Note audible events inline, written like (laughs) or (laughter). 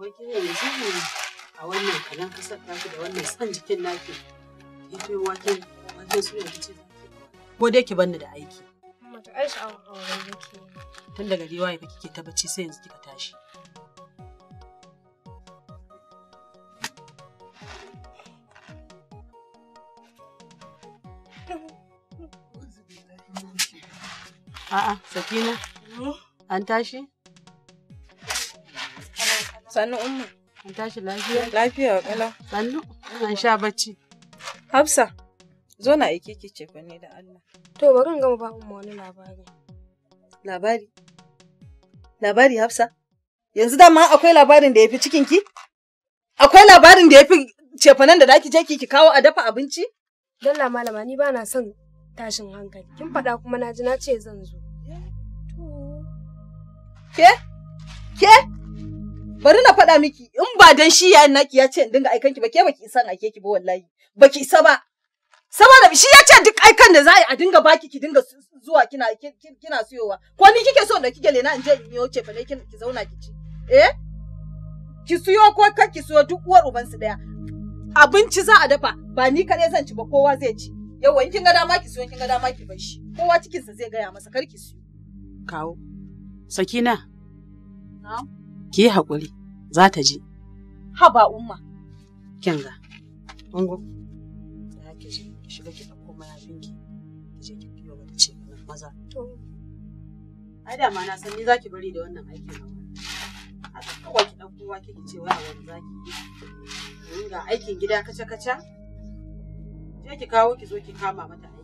wakil yanzu a wannan kalan kasar taki da wannan san jikin naki ita waken waken suya ce ko dai ki banni da aiki mata aisha an aure yake tun daga riwaya kake ke tabbaci sai yanzu kika tashi (laughs) A'a, Sakina, hmm? an tashi? Sannu umma. An tashi lafiya? Lafiya wa kala. Sannu, an sha bacci. Hafsa, zo na aiki ki ce ne da Allah. To bari in gama ba umma wani labari. Labari? Labari Hafsa? Yanzu dama akwai labarin da ya fi cikinki? Akwai labarin da ya fi cefanen da daki je ki ki kawo a dafa abinci? Dalla malama ni ba na son tashin hankali. Kin faɗa kuma na ji na ce zan zo. Ke? Ke? bari na faɗa miki in ba dan shi yayin naki ya ce in dinga aikanki ba ke baki isa na ke ki ba wallahi baki isa ba saboda shi ya ce duk aikan da za a yi a dinga baki ki dinga zuwa kina kina siyowa ko ni kike so da kike lena in je in yi ce fa ki zauna ki ci eh ki siyo ko kar ki siyo duk uwar uban su daya abinci za a dafa ba ni kare zan ci ba kowa zai ci yawa in kin ga dama ki siyo kin ga dama ki bar shi kowa sa zai gaya masa kar ki siyo kawo sakina na'am ki yi haƙuri za ta Ha Haba umma. Kin ga. Ungo. Da ki je ki shiga ki ɗauko mayafin ki. Ki je ki biyo wata ce maza. To. Ai da ma na san ni za ki bari da wannan aikin A Haka kawai ki ɗauko wa ki ce wai a wani za ki yi. Ga aikin gida kaca-kaca. Je ki kawo ki zo ki kama mata